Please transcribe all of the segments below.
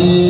Amém.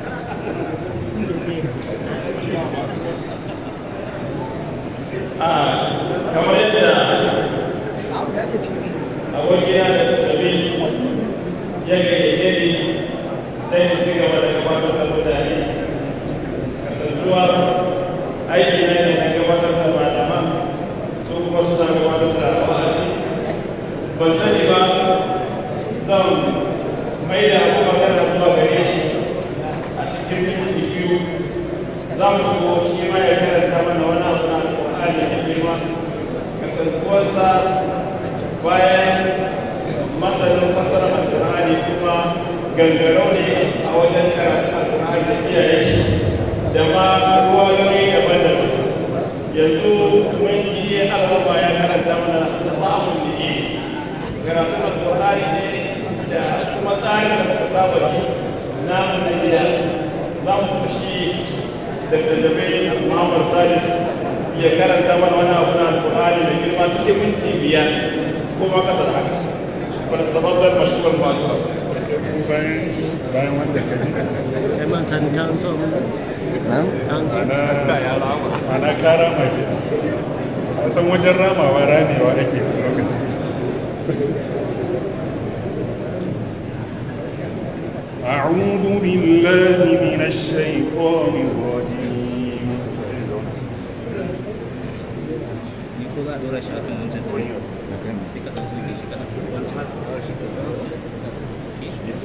abokina da tabi ya gaishe ni da gabatar mutane kasantuwa aiki gangarau ne a wajen karatun alƙur'ani da kiyaye shi da ma ruwayoyi daban-daban yanzu mun yi alraba ya karanta mana da ba mu yi karatun alƙur'ani ne da kuma tsarin da ta saba ji na mun gida za mu so shi da tallabai Muhammad Salis ya karanta mana wani abu na alƙur'ani mai girma cikin minti biyar kuma kasar haka. Wani tabbatar mashkuran ma'alura. كمان سن كانسون نعم كانسون أنا كرامة أصلا وجه رامة وراني وأكيد أعوذ بالله من الشيطان الرجيم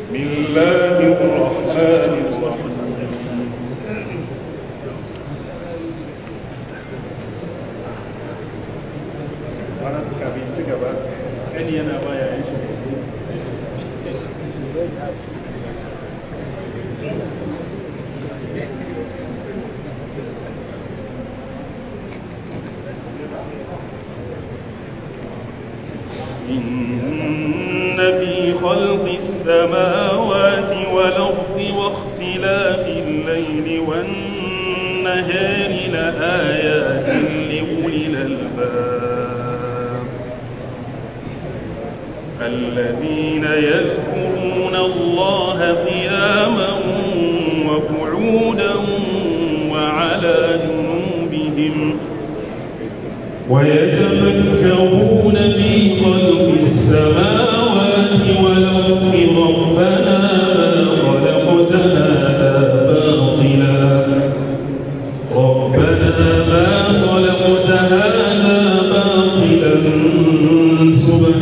بسم الله الرحمن الرحيم kafin ci gaba kan yana baya yin shi إن في خلق السماء السماوات والأرض واختلاف الليل والنهار لآيات لأولي الألباب الذين يذكرون الله قياما وقعودا وعلى جنوبهم ويتفكرون في خلق السماوات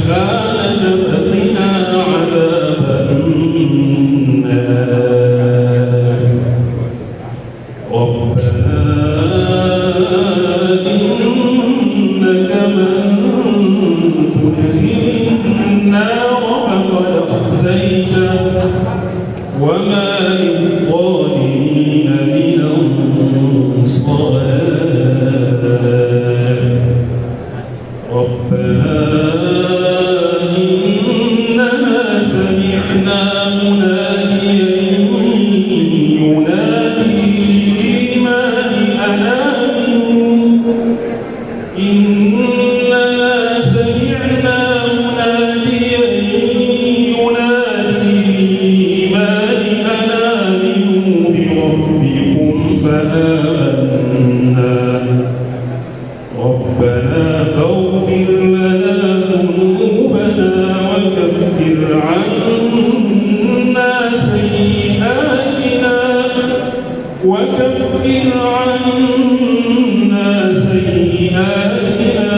Yeah. وكفر عنا سيئاتنا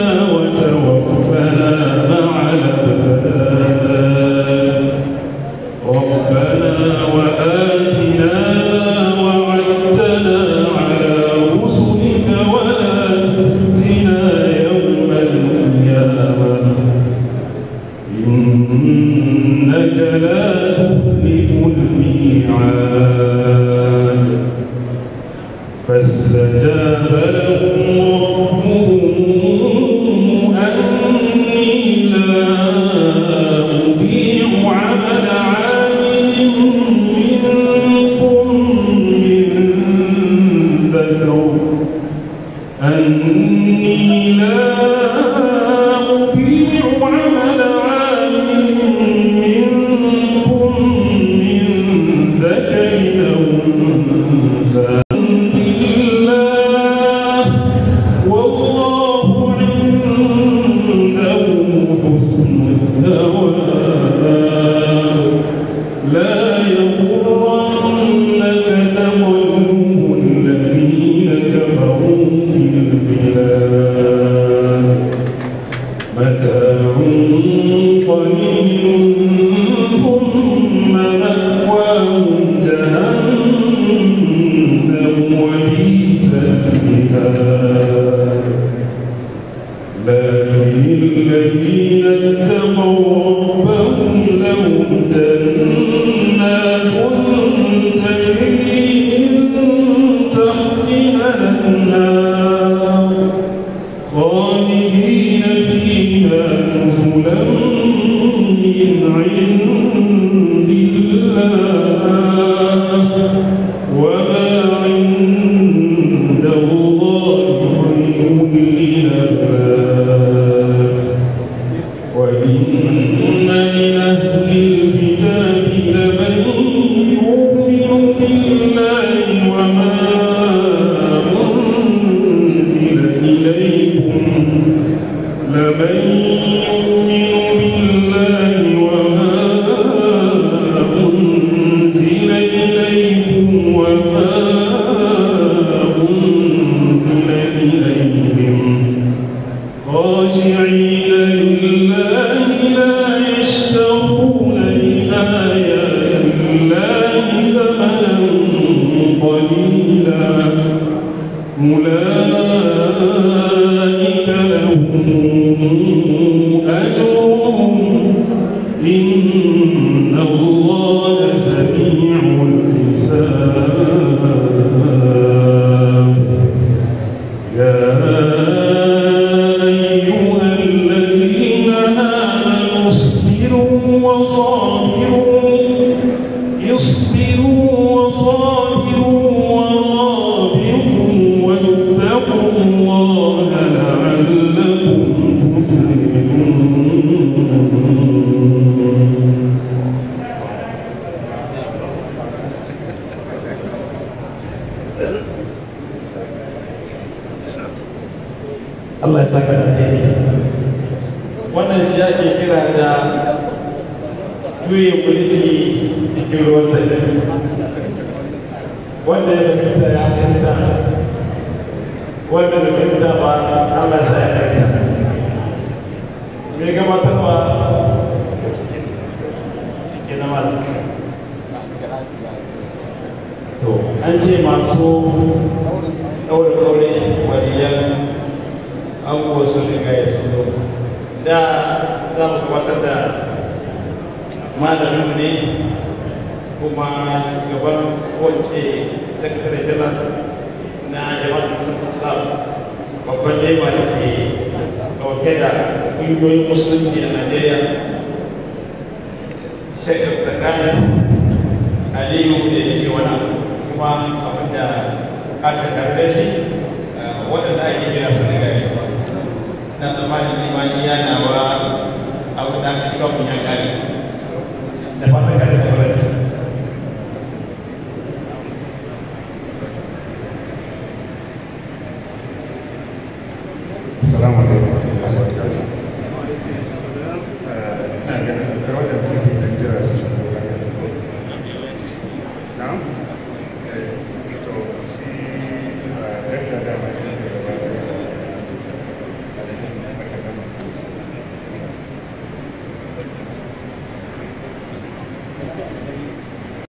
wanda ya fahimta ya fahimta wanda bai fahimta ba Allah sa ya fahimta mai gabatar ba ke na mara to an ce masu ɗaure ɗaure waliyan an kuwa sun riga ya da za mu ne kuma gaban kowace sakatare jalar na jama'ar musulun islam babban lema da ke dauke da ƙungiyoyin musulunci a najeriya shaidar kanin aliyu da ya ke wani kuma abin da aka karfe shi eh, waɗanda ake gina su daga shi ba na tsammanin limani yana wa abin da aka kawo ya kari da fatan kari da